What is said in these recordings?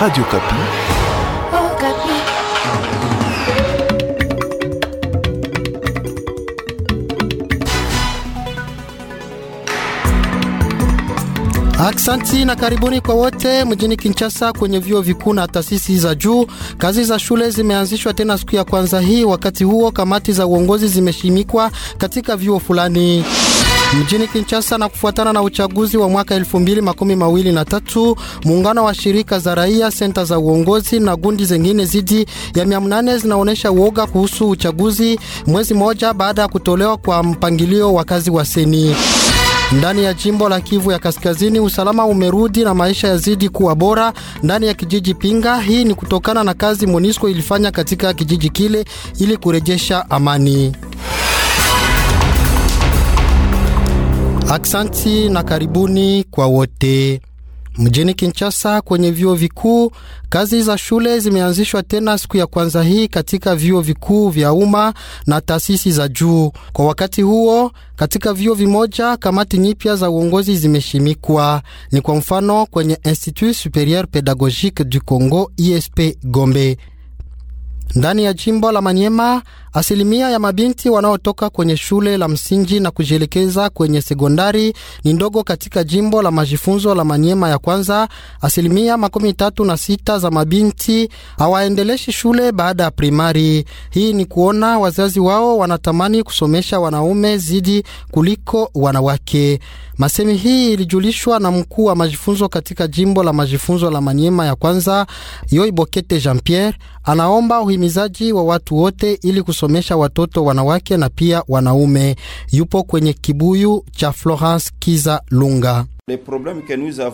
Radio Kapi. Oh, Kapi. Aksanti na karibuni kwa wote mjini Kinshasa kwenye vyuo vikuu na taasisi za juu. Kazi za shule zimeanzishwa tena siku ya kwanza hii. Wakati huo kamati za uongozi zimeshimikwa katika vyuo fulani. Mjini Kinshasa na kufuatana na uchaguzi wa mwaka elfu mbili makumi mawili na tatu, muungano wa shirika za raia, senta za uongozi na gundi zengine zidi ya mia mnane zinaonyesha uoga kuhusu uchaguzi mwezi moja baada ya kutolewa kwa mpangilio wa kazi wa seni. Ndani ya jimbo la Kivu ya Kaskazini, usalama umerudi na maisha yazidi kuwa bora ndani ya kijiji Pinga. Hii ni kutokana na kazi monisco ilifanya katika kijiji kile ili kurejesha amani. Aksanti na karibuni kwa wote. Mjini Kinshasa kwenye vyuo vikuu, kazi za shule zimeanzishwa tena siku ya kwanza hii katika vyuo vikuu vya umma na taasisi za juu. Kwa wakati huo, katika vyuo vimoja kamati nyipya za uongozi zimeshimikwa. Ni kwa mfano kwenye Institut Superieur Pedagogique du Congo ISP Gombe ndani ya jimbo la Manyema Asilimia ya mabinti wanaotoka kwenye shule la msingi na kujielekeza kwenye sekondari ni ndogo katika jimbo la majifunzo la Manyema ya kwanza. Asilimia makumi tatu na sita za mabinti hawaendeleshi shule baada ya primari. Hii ni kuona wazazi wao wanatamani kusomesha wanaume zidi kuliko wanawake. Masemi hii ilijulishwa na mkuu wa majifunzo katika jimbo la majifunzo la Manyema ya kwanza, Yoibokete Jean Pierre. Anaomba uhimizaji wa watu wote ili kusomesha watoto wanawake na pia wanaume. Yupo kwenye kibuyu cha Florence Kiza Lunga.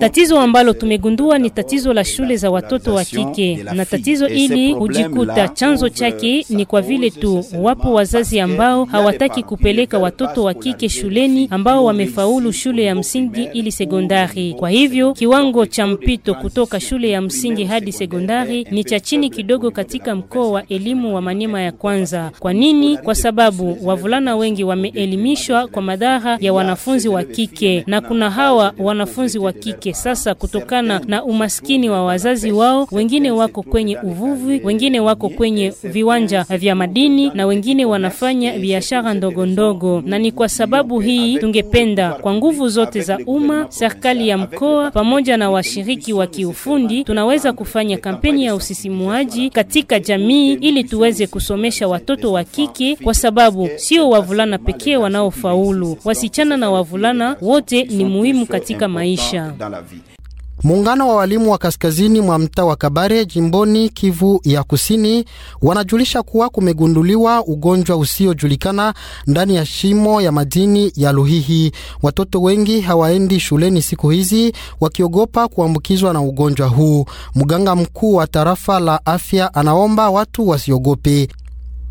Tatizo ambalo tumegundua ni tatizo la shule za watoto wa kike, na tatizo hili hujikuta chanzo chake ni kwa vile tu wapo wazazi ambao hawataki kupeleka watoto wa kike shuleni ambao wamefaulu shule ya msingi ili sekondari. Kwa hivyo kiwango cha mpito kutoka shule ya msingi hadi sekondari ni cha chini kidogo katika mkoa wa elimu wa manema ya kwanza. Kwa nini? Kwa sababu wavulana wengi wameelimishwa kwa madhara ya wanafunzi wa kike na kuna hawa wanafunzi wa kike. Sasa kutokana na umaskini wa wazazi wao, wengine wako kwenye uvuvi, wengine wako kwenye viwanja vya madini na wengine wanafanya biashara ndogo ndogo, na ni kwa sababu hii tungependa kwa nguvu zote za umma, serikali ya mkoa pamoja na washiriki wa kiufundi, tunaweza kufanya kampeni ya usisimuaji katika jamii ili tuweze kusomesha watoto wa kike, kwa sababu sio wavulana pekee wanaofaulu, wasichana na wavulana wote ni muhimu katika katika maisha. Muungano wa walimu wa kaskazini mwa mtaa wa Kabare jimboni Kivu ya Kusini wanajulisha kuwa kumegunduliwa ugonjwa usiojulikana ndani ya shimo ya madini ya Luhihi. Watoto wengi hawaendi shuleni siku hizi wakiogopa kuambukizwa na ugonjwa huu. Mganga mkuu wa tarafa la afya anaomba watu wasiogope.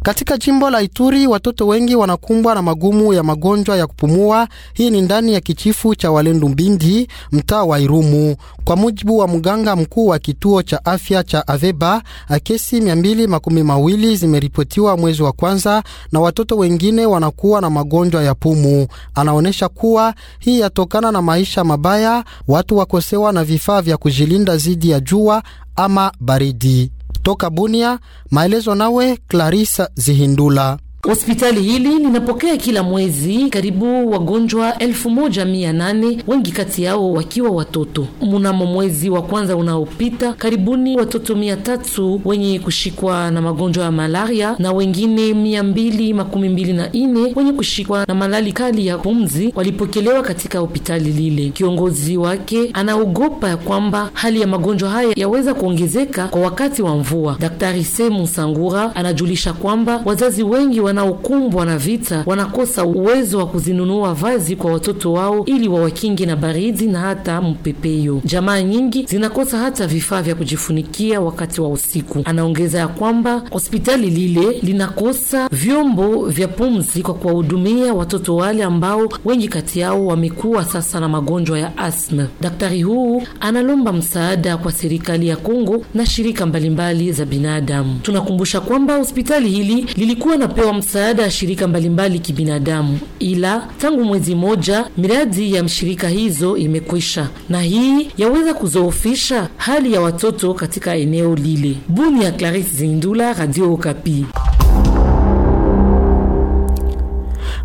Katika jimbo la Ituri watoto wengi wanakumbwa na magumu ya magonjwa ya kupumua. Hii ni ndani ya kichifu cha Walendu Mbindi, mtaa wa Irumu. Kwa mujibu wa mganga mkuu wa kituo cha afya cha Aveba, kesi mia mbili makumi mawili zimeripotiwa mwezi wa kwanza, na watoto wengine wanakuwa na magonjwa ya pumu. Anaonyesha kuwa hii yatokana na maisha mabaya, watu wakosewa na vifaa vya kujilinda dhidi ya jua ama baridi. Toka Bunia, maelezo nawe Clarisa Zihindula. Hospitali hili linapokea kila mwezi karibu wagonjwa elfu moja mia nane wengi kati yao wakiwa watoto. Mnamo mwezi wa kwanza unaopita, karibuni watoto mia tatu wenye kushikwa na magonjwa ya malaria na wengine mia mbili makumi mbili na nne wenye kushikwa na malali kali ya pumzi walipokelewa katika hospitali lile. Kiongozi wake anaogopa ya kwamba hali ya magonjwa haya yaweza kuongezeka kwa wakati wa mvua. Daktari Semu Sangura anajulisha kwamba wazazi wengi wa wanaokumbwa na vita wanakosa uwezo wa kuzinunua vazi kwa watoto wao ili wawakinge na baridi na hata mpepeyo. Jamaa nyingi zinakosa hata vifaa vya kujifunikia wakati wa usiku. Anaongeza ya kwamba hospitali lile linakosa vyombo vya pumzi kwa kuwahudumia watoto wale ambao wengi kati yao wamekuwa sasa na magonjwa ya asma. Daktari huu analomba msaada kwa serikali ya Kongo na shirika mbalimbali mbali za binadamu. Tunakumbusha kwamba hospitali hili lilikuwa napewa msaada ya shirika mbalimbali kibinadamu, ila tangu mwezi moja miradi ya mshirika hizo imekwisha, na hii yaweza kuzoofisha hali ya watoto katika eneo lile. Bunia, Clarisse Zindula, Radio Okapi.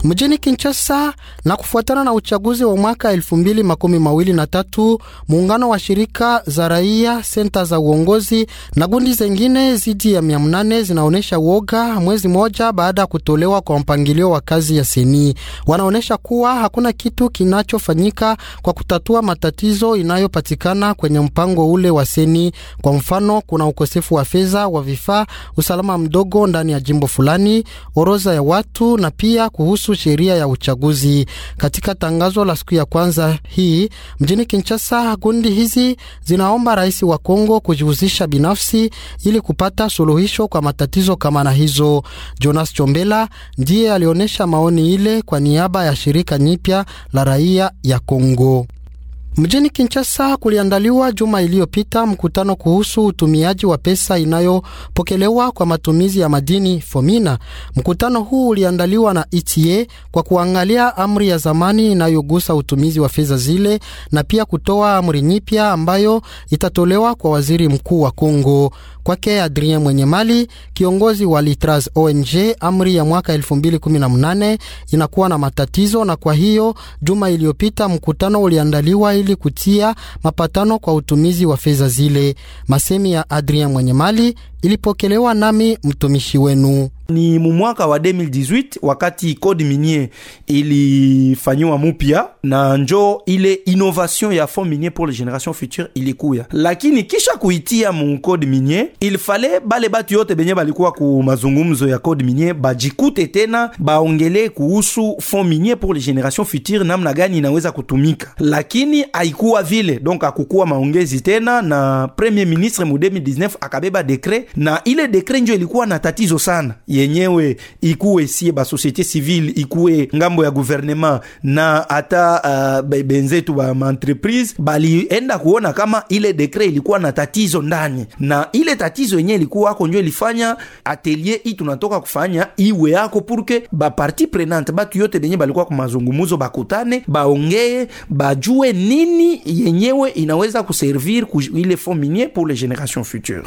mjini Kinshasa. Na kufuatana na uchaguzi wa mwaka elfu mbili makumi mawili na tatu, muungano wa shirika za raia, senta za uongozi na gundi zengine zidi ya mia mnane zinaonyesha uoga mwezi moja baada ya kutolewa kwa mpangilio wa kazi ya seni. Wanaonyesha kuwa hakuna kitu kinachofanyika kwa kutatua matatizo inayopatikana kwenye mpango ule wa seni. Kwa mfano, kuna ukosefu wa fedha wa vifaa, usalama mdogo ndani ya jimbo fulani, orodha ya watu na pia kuhusu sheria ya uchaguzi. Katika tangazo la siku ya kwanza hii mjini Kinshasa, kundi hizi zinaomba rais wa Kongo kujihusisha binafsi ili kupata suluhisho kwa matatizo kama na hizo. Jonas Chombela ndiye alionyesha maoni ile kwa niaba ya shirika nyipya la raia ya Kongo. Mjini Kinshasa kuliandaliwa juma iliyopita mkutano kuhusu utumiaji wa pesa inayopokelewa kwa matumizi ya madini Fomina. Mkutano huu uliandaliwa na ETA kwa kuangalia amri ya zamani inayogusa utumizi wa fedha zile na pia kutoa amri nyipya ambayo itatolewa kwa waziri mkuu wa Kongo. Kwake Adrien Mwenye Mali, kiongozi wa Litras ONG, amri ya mwaka 2018 inakuwa na matatizo, na kwa hiyo juma iliyopita mkutano uliandaliwa ili kutia mapatano kwa utumizi wa fedha zile. Masemi ya adrian mwenye mali ilipokelewa nami mtumishi wenu. Ni mumwaka wa 2018 wakati code minier ilifanyiwa mupya na njo ile innovation ya fond minier pour les générations futures ilikuya, lakini kisha kuitia mu code minier ilifale bale batu yote benye balikuwa ku mazungumzo ya code minier bajikute tena baongele kuhusu fond minier pour les générations futures, namna gani inaweza kutumika, lakini haikuwa vile. Donc akukuwa maongezi tena, na premier ministre mu 2019 akabeba dekret, na ile dekret njo ilikuwa na tatizo sana yenyewe ikuwe sie basosiete civile ikuwe ngambo ya guvernema na ata uh, benzetu ba bali balienda kuona kama ile dekre ilikuwa na tatizo ndani, na ile tatizo yenyewe ilikuwa ako njo ilifanya atelier hii tunatoka kufanya iwe yako purke baparti prenante batu yote benye balikuwa kumazungumuzo bakutane baongee bajue nini yenyewe inaweza kuservir ku ile fond minier pour les generations futures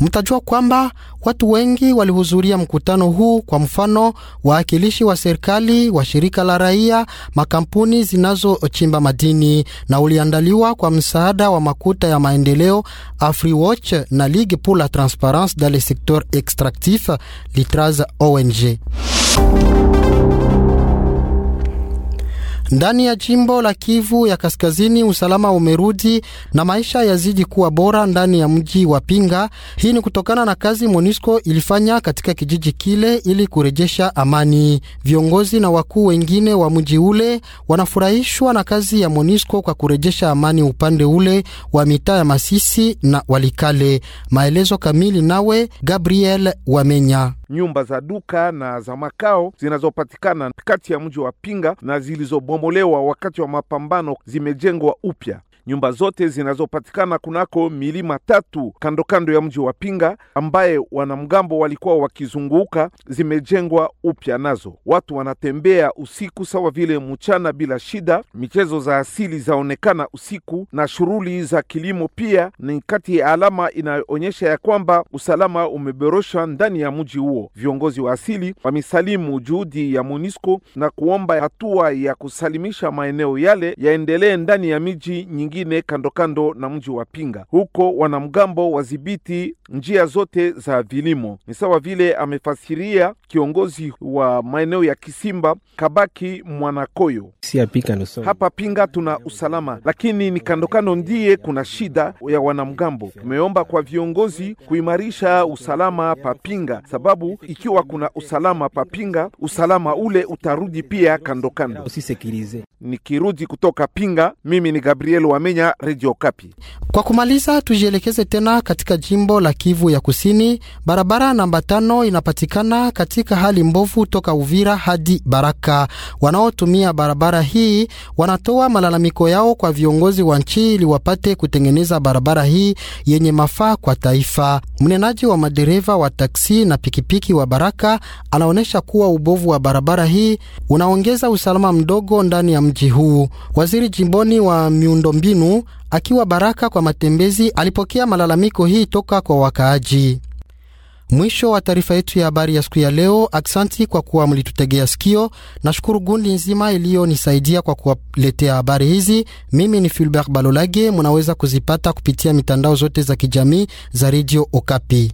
Mtajua kwamba watu wengi walihudhuria mkutano mkutano huu, kwa mfano, waakilishi wa serikali, wa shirika la raia, makampuni zinazochimba madini, na uliandaliwa kwa msaada wa makuta ya maendeleo AfriWatch na Ligue pour la transparence dans le secteur extractif Litraz ONG. Ndani ya jimbo la Kivu ya Kaskazini, usalama umerudi na maisha yazidi kuwa bora ndani ya mji wa Pinga. Hii ni kutokana na kazi MONUSCO ilifanya katika kijiji kile ili kurejesha amani. Viongozi na wakuu wengine wa mji ule wanafurahishwa na kazi ya MONUSCO kwa kurejesha amani upande ule wa mitaa ya Masisi na Walikale. Maelezo kamili nawe Gabriel Wamenya nyumba za duka na za makao zinazopatikana kati ya mji wa Pinga na zilizobomolewa wakati wa mapambano zimejengwa upya nyumba zote zinazopatikana kunako milima tatu kando kando ya mji wa Pinga ambaye wanamgambo walikuwa wakizunguka zimejengwa upya, nazo watu wanatembea usiku sawa vile mchana bila shida. Michezo za asili zaonekana usiku na shughuli za kilimo pia ni kati ya alama inayoonyesha ya kwamba usalama umeboreshwa ndani ya mji huo. Viongozi wa asili wamesalimu juhudi ya monisco na kuomba hatua ya kusalimisha maeneo yale yaendelee ndani ya miji nyingine nyingine kando kando na mji wa Pinga. Huko wanamgambo wadhibiti njia zote za vilimo. Ni sawa vile amefasiria kiongozi wa maeneo ya Kisimba Kabaki Mwanakoyo. Hapa Pinga tuna usalama, lakini ni kando kando ndiye kuna shida ya wanamgambo. Tumeomba kwa viongozi kuimarisha usalama pa Pinga, sababu ikiwa kuna usalama pa Pinga, usalama ule utarudi pia kando kando. Nikirudi kutoka Pinga, mimi ni Gabriel Wame Kamenya, Radio Kapi. Kwa kumaliza, tujielekeze tena katika jimbo la Kivu ya Kusini. Barabara namba tano inapatikana katika hali mbovu toka Uvira hadi Baraka. Wanaotumia barabara hii wanatoa malalamiko yao kwa viongozi wa nchi ili wapate kutengeneza barabara hii yenye mafaa kwa taifa. Mnenaji wa madereva wa taksi na pikipiki wa Baraka anaonyesha kuwa ubovu wa barabara hii unaongeza usalama mdogo ndani ya mji huu. Waziri jimboni wa miundombinu akiwa Baraka kwa matembezi alipokea malalamiko hii toka kwa wakaaji. Mwisho wa taarifa yetu ya habari ya siku ya leo. Aksanti kwa kuwa mlitutegea sikio. Nashukuru gundi nzima iliyonisaidia kwa kuwaletea habari hizi. Mimi ni Fulbert Balolage, munaweza kuzipata kupitia mitandao zote za kijamii za Radio Okapi.